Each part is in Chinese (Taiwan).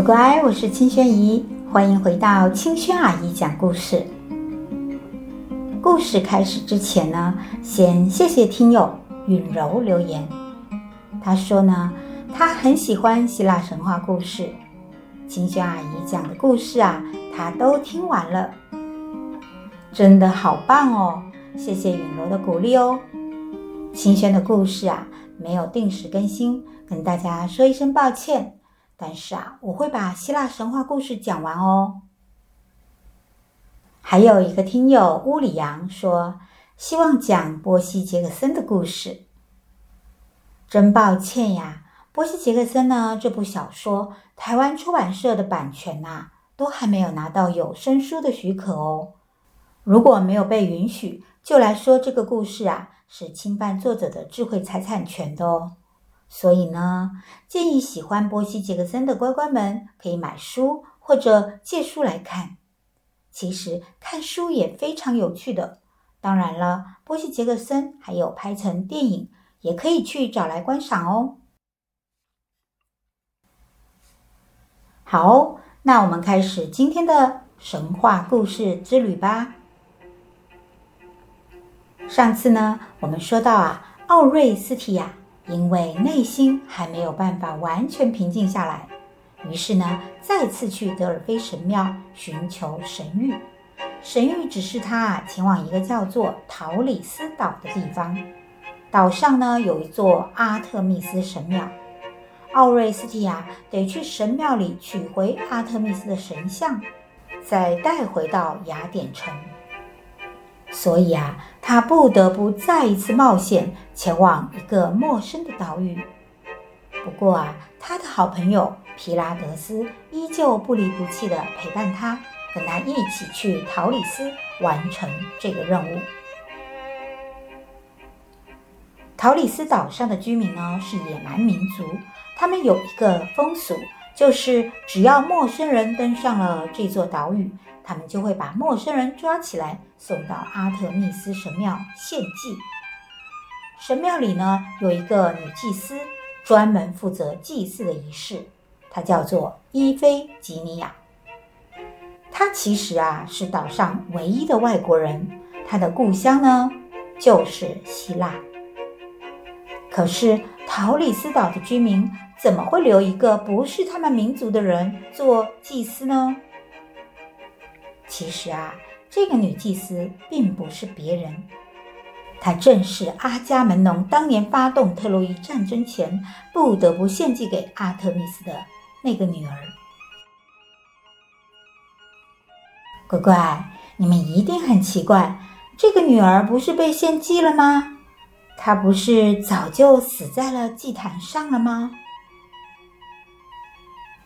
乖乖，我是青萱姨，歡迎回到青萱阿姨講故事。故事開始之前呢，先謝謝聽友允柔留言，他說呢，他很喜歡希臘神話故事，青萱阿姨講的故事啊，他都聽完了，真的好棒哦！謝謝允柔的鼓勵哦。青萱的故事啊，沒有定時更新，跟大家說一聲抱歉。但是啊，我會把希臘神話故事講完哦。還有一個聽友烏里揚說，希望講波西·傑克森的故事。真抱歉呀，波西·傑克森呢，這部小說，台灣出版社的版權吶、啊，都還沒有拿到有聲書的許可哦。如果沒有被允許，就來說這個故事啊，是侵犯作者的智慧財產權的哦。所以呢，建議喜歡波西·傑克森的乖乖們可以買書或者借書來看。其實看書也非常有趣的。當然了，波西·傑克森還有拍成電影，也可以去找來觀賞哦。好，那我們開始今天的神話故事之旅吧。上次呢，我們說到啊，奧瑞斯提亞。因為內心還沒有辦法完全平靜下來，於是呢，再次去德爾菲神廟尋求神諭。神諭指示他啊，前往一個叫做陶里斯島的地方，島上呢有一座阿特密斯神廟。奧瑞斯基亞得去神廟裡取回阿特密斯的神像，再帶回到雅典城。所以啊，他不得不再一次冒險前往一個陌生的島嶼。不過啊，他的好朋友皮拉德斯依舊不離不棄地陪伴他，跟他一起去陶里斯完成這個任務。陶里斯島上的居民呢，是野蠻民族，他們有一個風俗，就是只要陌生人登上了這座島嶼，他們就會把陌生人抓起來。送到阿特密斯神廟獻祭。神廟裡呢，有一個女祭司，專門負責祭祀的儀式，她叫做伊菲吉尼亞。她其實啊，是島上唯一的外國人，她的故鄉呢，就是希臘。可是陶里斯島的居民怎麼會留一個不是他們民族的人做祭司呢？其實啊。這個女祭司並不是別人，她正是阿伽門農當年發動特洛伊戰爭前不得不獻祭給阿特密斯的那個女兒。乖乖，你們一定很奇怪，這個女兒不是被獻祭了嗎？她不是早就死在了祭壇上了嗎？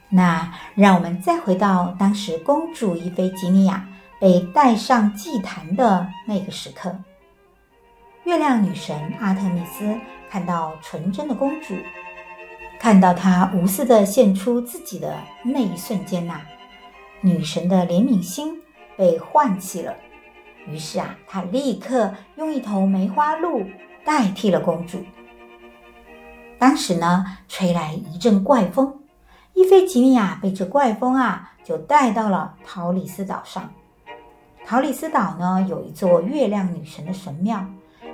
那讓我們再回到當時公主伊菲吉尼亞。被帶上祭壇的那個時刻，月亮女神阿特米斯看到純真的公主，看到她無私地獻出自己的那一瞬間吶、啊，女神的憐憫心被喚起了。於是啊，她立刻用一頭梅花鹿代替了公主。當時呢，吹來一陣怪風，伊菲吉米婭被這怪風啊，就帶到了陶里斯島上。陶里斯島呢，有一座月亮女神的神廟，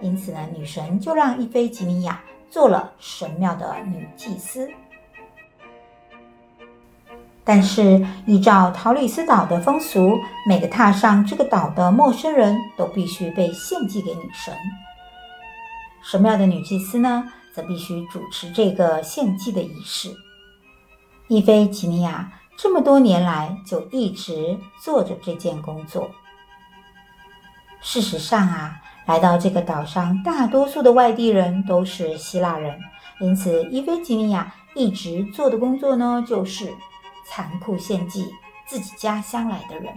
因此呢，女神就讓伊菲吉尼亞做了神廟的女祭司。但是，依照陶里斯島的風俗，每個踏上這個島的陌生人都必須被獻祭給女神。神廟的女祭司呢，則必須主持這個獻祭的儀式。伊菲吉尼亞這麼多年來就一直做着這件工作。事實上啊，來到這個島上，大多數的外地人都是希臘人，因此伊菲吉尼婭一直做的工作呢，就是殘酷獻祭自己家鄉來的人。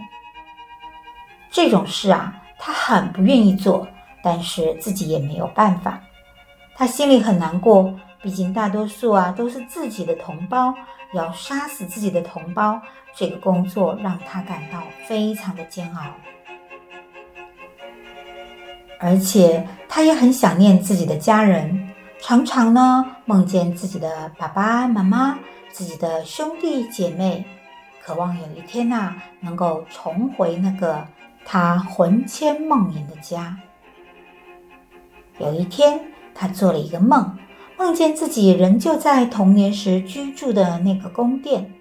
這種事啊，他很不願意做，但是自己也沒有辦法。他心裡很難過，畢竟大多數啊都是自己的同胞，要殺死自己的同胞，這個工作讓他感到非常的煎熬。而且他也很想念自己的家人，常常呢夢見自己的爸爸媽媽、自己的兄弟姐妹，渴望有一天吶、啊、能夠重回那個他魂牽夢縈的家。有一天，他做了一個夢，夢見自己仍舊在童年時居住的那個宮殿，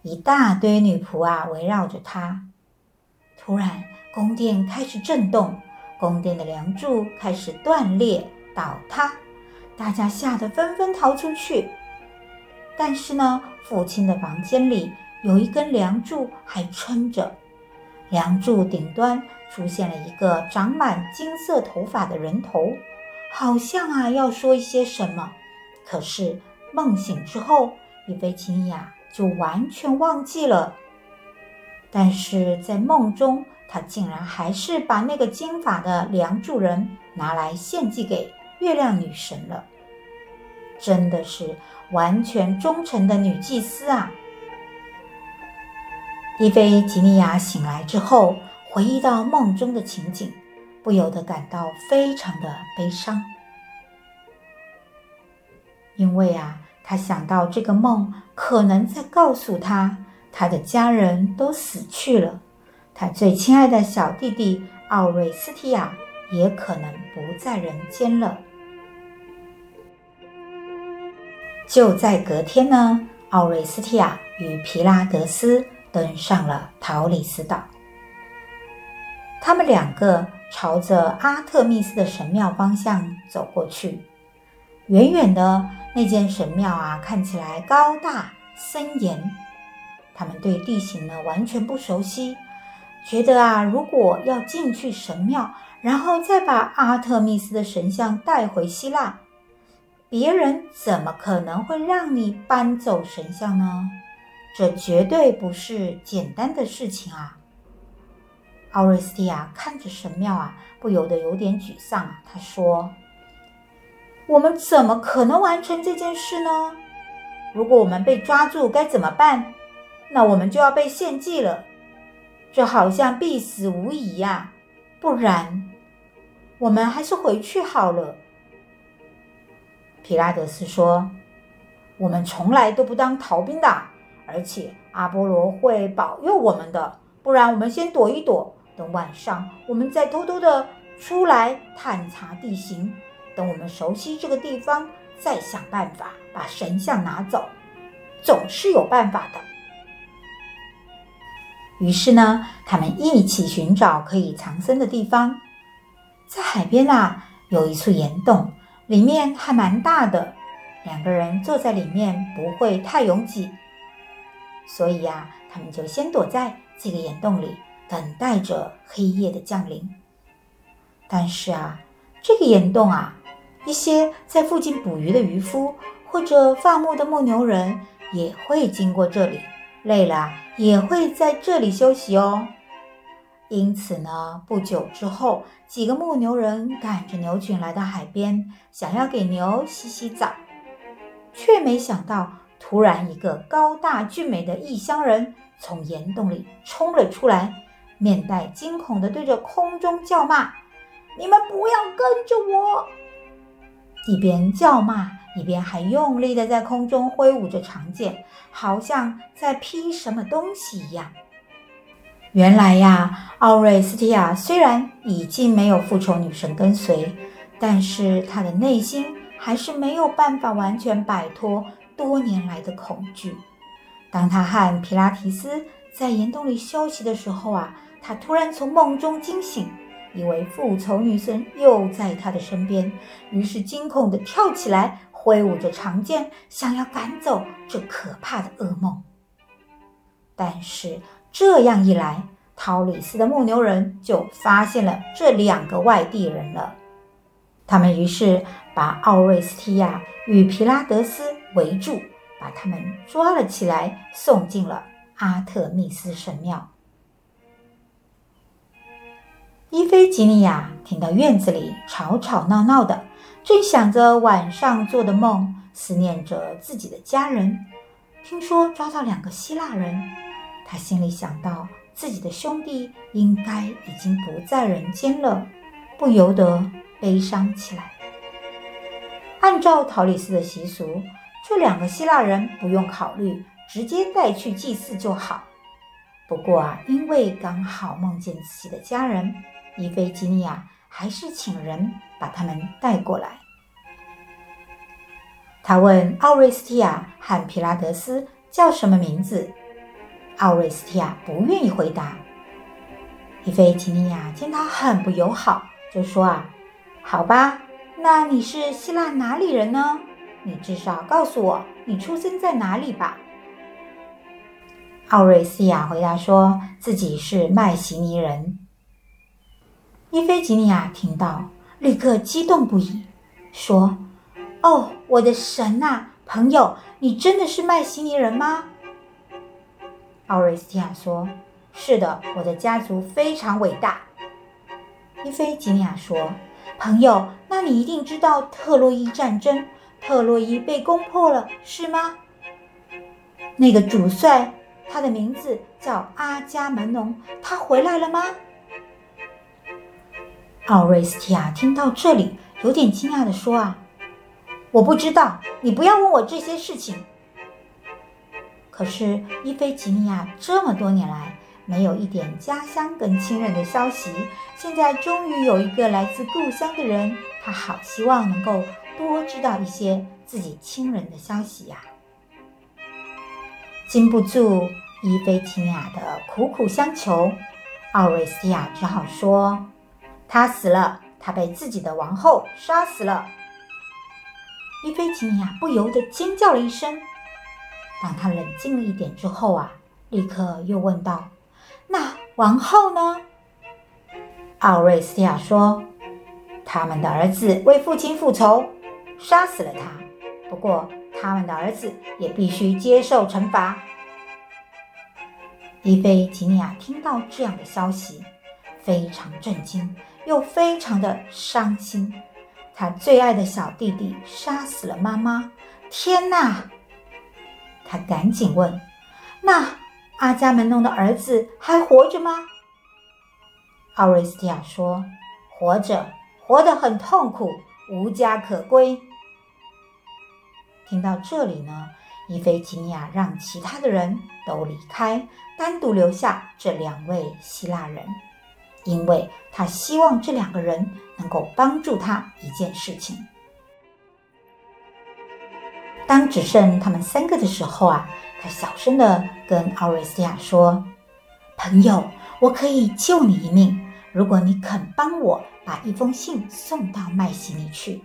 一大堆女僕啊圍繞着他，突然宮殿開始震動。宮殿的樑柱開始斷裂倒塌，大家嚇得紛紛逃出去。但是呢，父親的房間裡有一根樑柱還撐着，樑柱頂端出現了一個長滿金色頭髮的人頭，好像啊要說一些什麼。可是夢醒之後，伊菲琴雅，就完全忘記了。但是在夢中。他竟然還是把那個金髮的梁柱人拿來獻祭給月亮女神了，真的是完全忠誠的女祭司啊！伊菲吉尼亞醒來之後，回憶到夢中的情景，不由得感到非常的悲傷，因為啊，她想到這個夢可能在告訴她，她的家人都死去了。他最親愛的小弟弟奧瑞斯提亞也可能不在人間了。就在隔天呢，奧瑞斯提亞與皮拉德斯登上了陶里斯島。他們兩個朝着阿特密斯的神廟方向走過去，遠遠的那間神廟啊，看起來高大森嚴。他們對地形呢完全不熟悉。覺得啊，如果要進去神廟，然後再把阿特密斯的神像帶回希臘，別人怎麼可能會讓你搬走神像呢？這絕對不是簡單的事情啊！奧瑞斯蒂亞看着神廟啊，不由得有點沮喪。他說：“我們怎麼可能完成這件事呢？如果我們被抓住該怎麼辦？那我們就要被獻祭了。”這好像必死無疑呀，啊！不然，我們還是回去好了。皮拉德斯說：“我們從來都不當逃兵的，而且阿波羅會保佑我們的。不然，我們先躲一躲，等晚上我們再偷偷的出來探查地形。等我們熟悉這個地方，再想辦法把神像拿走，總是有辦法的。”於是呢，他們一起尋找可以藏身的地方。在海邊啊，有一處岩洞，裡面還蠻大的，兩個人坐在裡面不會太擁擠。所以呀，他們就先躲在這個岩洞裡，等待着黑夜的降臨。但是啊，這個岩洞啊，一些在附近捕魚的漁夫或者放牧的牧牛人也會經過這裡，累了。也會在這裡休息哦。因此呢，不久之後，幾個牧牛人趕着牛群來到海邊，想要給牛洗洗澡，卻沒想到，突然一個高大俊美的異鄉人從岩洞裡衝了出來，面帶驚恐地對着空中叫罵：“你們不要跟着我！”一邊叫罵，一邊還用力地在空中揮舞着長劍，好像在劈什麼東西一樣。原來呀，奧瑞斯提亞雖然已經沒有復仇女神跟隨，但是他的內心還是沒有辦法完全擺脫多年來的恐懼。當他和皮拉提斯在岩洞裡休息的時候啊，他突然從夢中驚醒。一位復仇女神又在他的身邊，於是驚恐地跳起來，揮舞着長劍，想要趕走這可怕的噩夢。但是這樣一來，陶里斯的牧牛人就發現了這兩個外地人了。他們於是把奧瑞斯提亞與皮拉德斯圍住，把他們抓了起來，送進了阿特密斯神廟。伊菲吉尼亞聽到院子裡吵吵鬧鬧的，正想着晚上做的夢，思念着自己的家人。聽說抓到兩個希臘人，他心裡想到自己的兄弟應該已經不在人間了，不由得悲傷起來。按照陶里斯的習俗，這兩個希臘人不用考慮，直接帶去祭祀就好。不過啊，因為剛好夢見自己的家人。伊菲吉尼亞還是請人把他們帶過來。他問奧瑞斯蒂亞和皮拉德斯叫什麼名字？奧瑞斯蒂亞不願意回答。伊菲吉尼亞見他很不友好，就說：“啊，好吧，那你是希臘哪裡人呢？你至少告訴我你出生在哪裡吧。”奧瑞斯蒂亞回答說自己是麥西尼人。伊菲吉尼亞聽到，立刻激動不已，說：“哦，我的神吶、啊，朋友，你真的是麥西尼人嗎？”奧瑞斯提亞說：“是的，我的家族非常偉大。”伊菲吉尼亞說：“朋友，那你一定知道特洛伊戰爭，特洛伊被攻破了，是嗎？那個主帥，他的名字叫阿伽門農，他回來了嗎？”奧瑞斯提亞聽到這裡，有點驚訝地說：“啊，我不知道，你不要問我這些事情。”可是伊菲吉尼亞這麼多年來沒有一點家鄉跟親人的消息，現在終於有一個來自故鄉的人，他好希望能夠多知道一些自己親人的消息呀、啊。禁不住伊菲吉尼亞的苦苦相求，奧瑞斯提亞只好說。他死了，他被自己的王后殺死了。伊菲吉尼亞不由得尖叫了一聲，當她冷靜了一點之後啊，立刻又問道：“那王后呢？”奧瑞斯蒂亞說：“他們的兒子為父親復仇，殺死了他。不過，他們的兒子也必須接受懲罰。”伊菲吉尼亞聽到這樣的消息，非常震驚。又非常的傷心，他最愛的小弟弟殺死了媽媽。天哪！他趕緊問：“那阿伽門農的兒子還活着嗎？”奧瑞斯蒂亞說：“活着，活得很痛苦，無家可歸。”聽到這裡呢，伊菲吉尼亞讓其他的人都離開，單獨留下這兩位希臘人。因為他希望這兩個人能夠幫助他一件事情。當只剩他們三個的時候啊，他小聲的跟奧瑞斯提亞說：“朋友，我可以救你一命，如果你肯幫我把一封信送到麥西尼去。”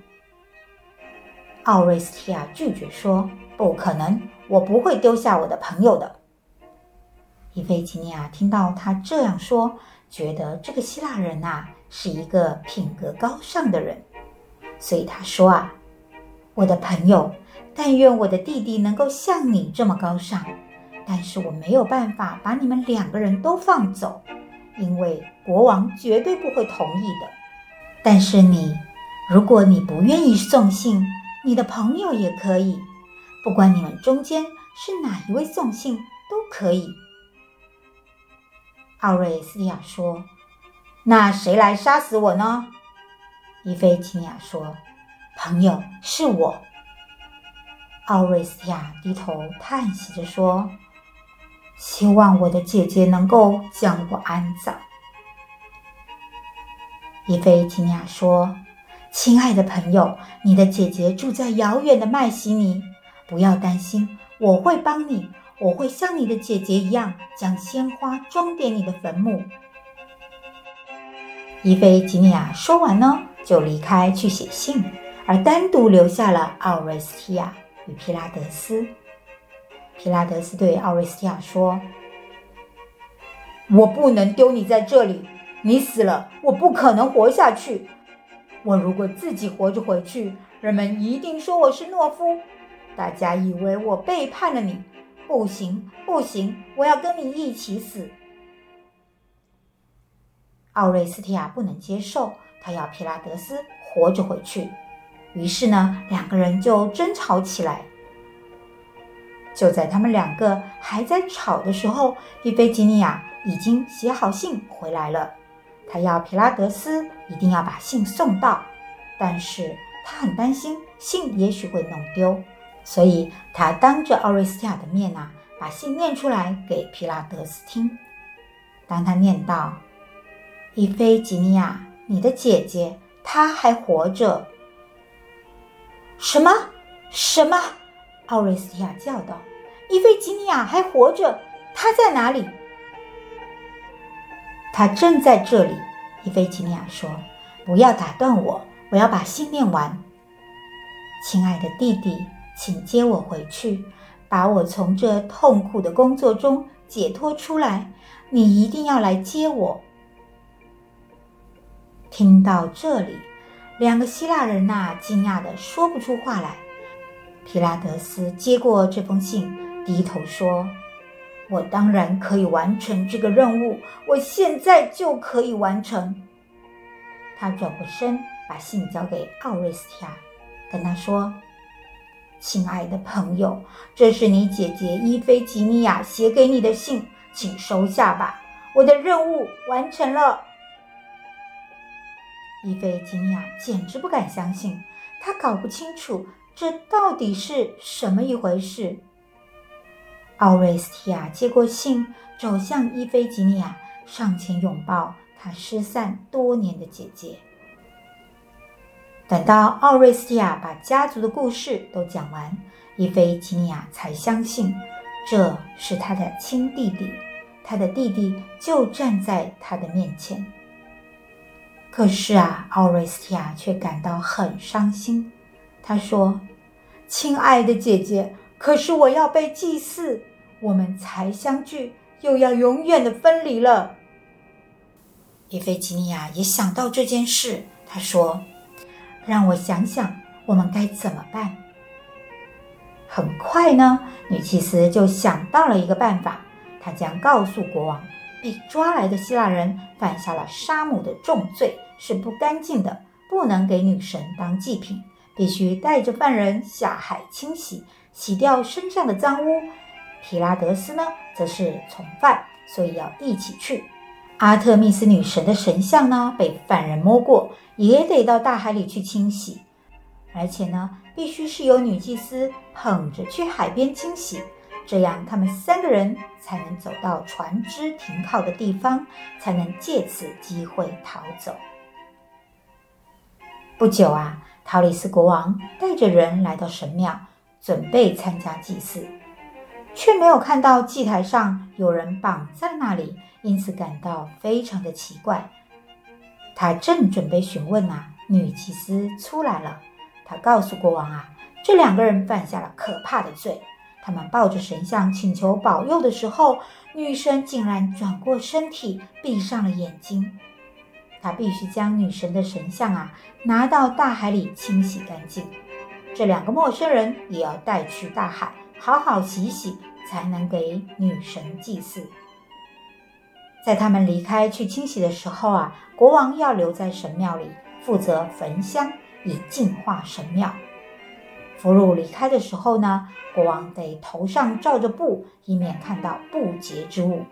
奧瑞斯提亞拒絕說：“不可能，我不會丟下我的朋友的。”伊菲奇尼亞聽到他這樣說。覺得這個希臘人吶、啊、是一個品格高尚的人，所以他說啊：“我的朋友，但願我的弟弟能夠像你這麼高尚。但是我沒有辦法把你們兩個人都放走，因為國王絕對不會同意的。但是你，如果你不願意送信，你的朋友也可以。不管你們中間是哪一位送信，都可以。”奧瑞斯蒂亞說：“那誰來殺死我呢？”伊菲基尼亞說：“朋友，是我。”奧瑞斯蒂亞低頭嘆息着說：“希望我的姐姐能夠將我安葬。”伊菲基尼亞說：“親愛的朋友，你的姐姐住在遙遠的麥西尼，不要擔心，我會幫你。”我會像你的姐姐一樣，將鮮花裝點你的墳墓。伊菲吉尼亞說完呢，就離開去寫信，而單獨留下了奧瑞斯提亞與皮拉德斯。皮拉德斯對奧瑞斯提亞說：“我不能丟你在這裡，你死了，我不可能活下去。我如果自己活着回去，人們一定說我是懦夫，大家以為我背叛了你。”不行，不行！我要跟你一起死。奧瑞斯提亞不能接受，他要皮拉德斯活着回去。於是呢，兩個人就爭吵起來。就在他們兩個還在吵的時候，伊菲吉尼亞已經寫好信回來了。她要皮拉德斯一定要把信送到，但是她很擔心信也許會弄丟。所以，他當着奧瑞斯提亞的面吶、啊，把信念出來給皮拉德斯聽。當他念道，伊菲吉尼亞，你的姐姐，她還活着。”什麼？什麼？奧瑞斯提亞叫道：“伊菲吉尼亞還活着？她在哪裡？”她正在這裡。”伊菲吉尼亞說，“不要打斷我，我要把信念完。”親愛的弟弟。請接我回去，把我從這痛苦的工作中解脫出來。你一定要來接我。聽到這裡，兩個希臘人吶、啊，驚訝得說不出話來。皮拉德斯接過這封信，低頭說：“我當然可以完成這個任務，我現在就可以完成。”他轉過身，把信交給奧瑞斯提亞，跟他說。親愛的朋友，這是你姐姐伊菲吉尼亞寫給你的信，請收下吧。我的任務完成了。伊菲吉尼亞簡直不敢相信，她搞不清楚這到底是什麼一回事。奧瑞斯提亞接過信，走向伊菲吉尼亞，上前擁抱她失散多年的姐姐。等到奧瑞斯提亞把家族的故事都講完，伊菲吉尼亞才相信這是他的親弟弟，他的弟弟就站在他的面前。可是啊，奧瑞斯提亞卻感到很傷心，他說：“親愛的姐姐，可是我要被祭祀，我們才相聚，又要永遠的分離了。”伊菲吉尼亞也想到這件事，他說。讓我想想，我們該怎麼辦？很快呢，女祭司就想到了一個辦法，她將告訴國王，被抓來的希臘人犯下了殺母的重罪，是不乾淨的，不能給女神當祭品，必須帶着犯人下海清洗，洗掉身上的髒污。皮拉德斯呢，則是從犯，所以要一起去。阿特密斯女神的神像呢，被犯人摸過，也得到大海裡去清洗，而且呢，必須是由女祭司捧着去海邊清洗，這樣他們三個人才能走到船隻停靠的地方，才能借此機會逃走。不久啊，陶里斯國王帶着人來到神廟，準備參加祭祀，卻沒有看到祭台上有人綁在那裡。因此感到非常的奇怪，他正準備詢問啊，女祭司出來了。他告訴國王啊，這兩個人犯下了可怕的罪。他們抱着神像請求保佑的時候，女神竟然轉過身體，閉上了眼睛。他必須將女神的神像啊拿到大海裡清洗乾淨，這兩個陌生人也要帶去大海，好好洗洗，才能給女神祭祀。在他們離開去清洗的時候啊，國王要留在神廟裡負責焚香，以淨化神廟。俘虜離開的時候呢，國王得頭上罩着布，以免看到不潔之物。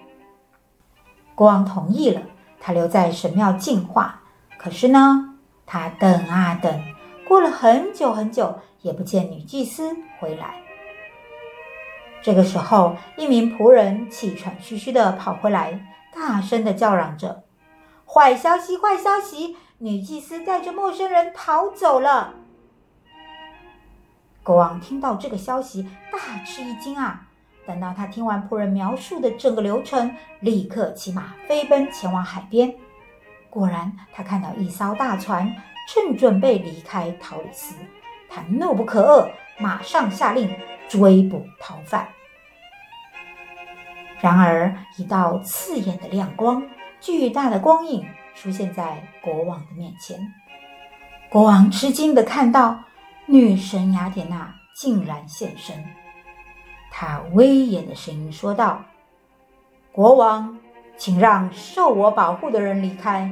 國王同意了，他留在神廟淨化。可是呢，他等啊等，過了很久很久，也不見女祭司回來。這個時候，一名僕人氣喘吁吁地跑回來。大聲的叫嚷着：“壞消息！壞消息！女祭司帶着陌生人逃走了。”國王聽到這個消息，大吃一驚啊！等到他聽完僕人描述的整個流程，立刻騎馬飛奔前往海邊。果然，他看到一艘大船正準備離開陶里斯，他怒不可遏，馬上下令追捕逃犯。然而，一道刺眼的亮光，巨大的光影出現在國王的面前。國王吃驚地看到女神雅典娜竟然現身。她威嚴的聲音說道：“國王，請讓受我保護的人離開。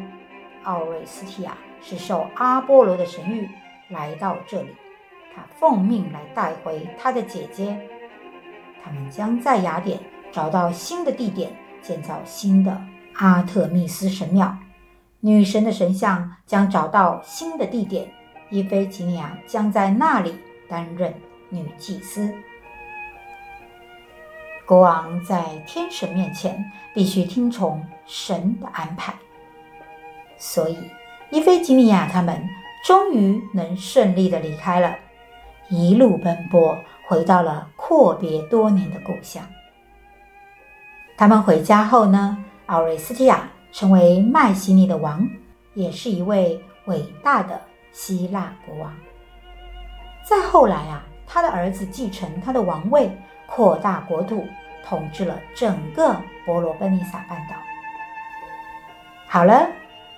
奧瑞斯提亞是受阿波羅的神諭來到這裡，他奉命來帶回他的姐姐。他們將在雅典。”找到新的地點建造新的阿特密斯神廟，女神的神像將找到新的地點，伊菲吉尼亞將在那裡擔任女祭司。國王在天神面前必須聽從神的安排，所以伊菲吉尼亞他們終於能順利地離開了，一路奔波回到了闊別多年的故鄉。他們回家後呢，奧瑞斯提亞成為麥西尼的王，也是一位偉大的希臘國王。再後來啊，他的兒子繼承他的王位，擴大國土，統治了整個波羅奔尼撒半島。好了，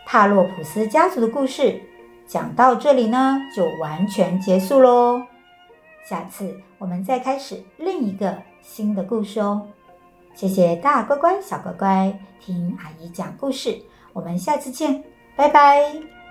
帕洛普斯家族的故事講到這裡呢，就完全結束嘍。下次我們再開始另一個新的故事哦。謝謝大乖乖、小乖乖聽阿姨講故事，我們下次見，拜拜。